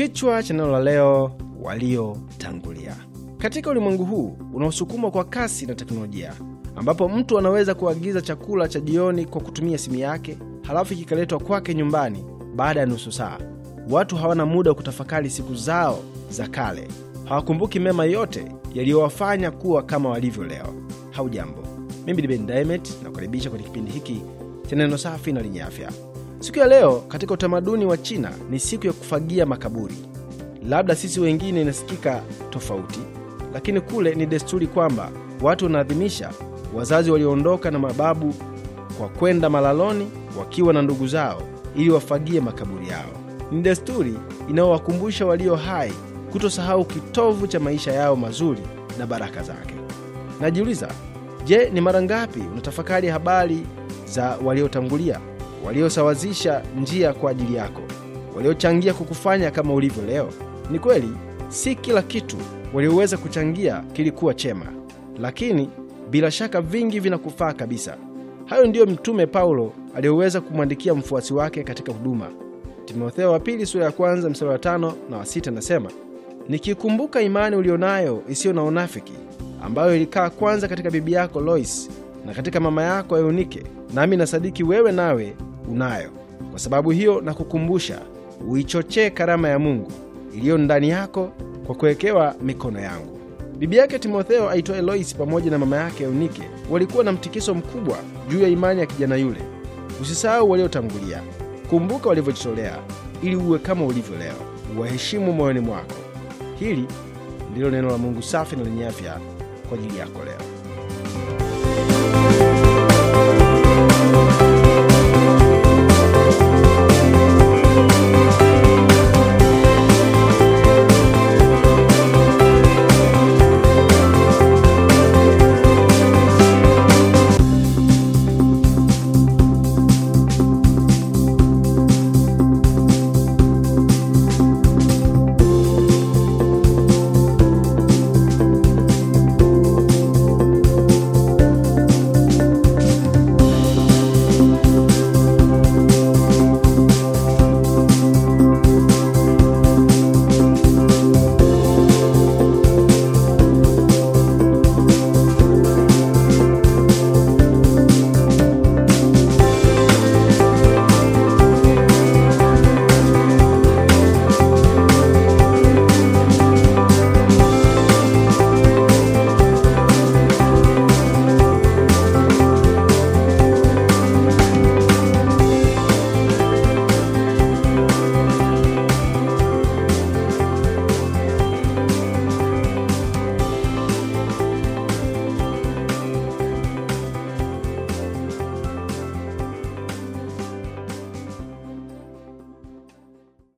Kichwa cha neno la leo, waliotangulia. Katika ulimwengu huu unaosukumwa kwa kasi na teknolojia, ambapo mtu anaweza kuagiza chakula cha jioni kwa kutumia simu yake, halafu kikaletwa kwake nyumbani baada ya nusu saa, watu hawana muda wa kutafakari siku zao za kale. Hawakumbuki mema yote yaliyowafanya kuwa kama walivyo leo. Hau jambo, mimi ni Ben Diamond, nakukaribisha kwenye kipindi hiki cha neno safi na lenye afya. Siku ya leo katika utamaduni wa China ni siku ya kufagia makaburi. Labda sisi wengine inasikika tofauti, lakini kule ni desturi kwamba watu wanaadhimisha wazazi walioondoka na mababu kwa kwenda malaloni wakiwa na ndugu zao ili wafagie makaburi yao. Ni desturi inayowakumbusha walio hai kutosahau kitovu cha maisha yao mazuri na baraka zake. Najiuliza, je, ni mara ngapi unatafakari habari za waliotangulia waliosawazisha njia kwa ajili yako, waliochangia kukufanya kama ulivyo leo. Ni kweli si kila kitu walioweza kuchangia kilikuwa chema, lakini bila shaka vingi vinakufaa kabisa. Hayo ndiyo Mtume Paulo aliyoweza kumwandikia mfuasi wake katika huduma. Timotheo wa pili sura ya kwanza mstari wa tano na wa sita nasema, nikikumbuka imani ulionayo isiyo na unafiki, ambayo ilikaa kwanza katika bibi yako Lois na katika mama yako Eunike, nami nasadiki wewe nawe unayo. Kwa sababu hiyo, nakukumbusha uichochee karama ya Mungu iliyo ndani yako kwa kuwekewa mikono yangu. Bibi yake Timotheo aitwaye Loisi pamoja na mama yake Eunike walikuwa na mtikiso mkubwa juu ya imani ya kijana yule. Usisahau waliotangulia, kumbuka walivyojitolea ili uwe kama ulivyo leo. Uwaheshimu moyoni mwako. Hili ndilo neno la Mungu safi na lenye afya kwa ajili yako leo.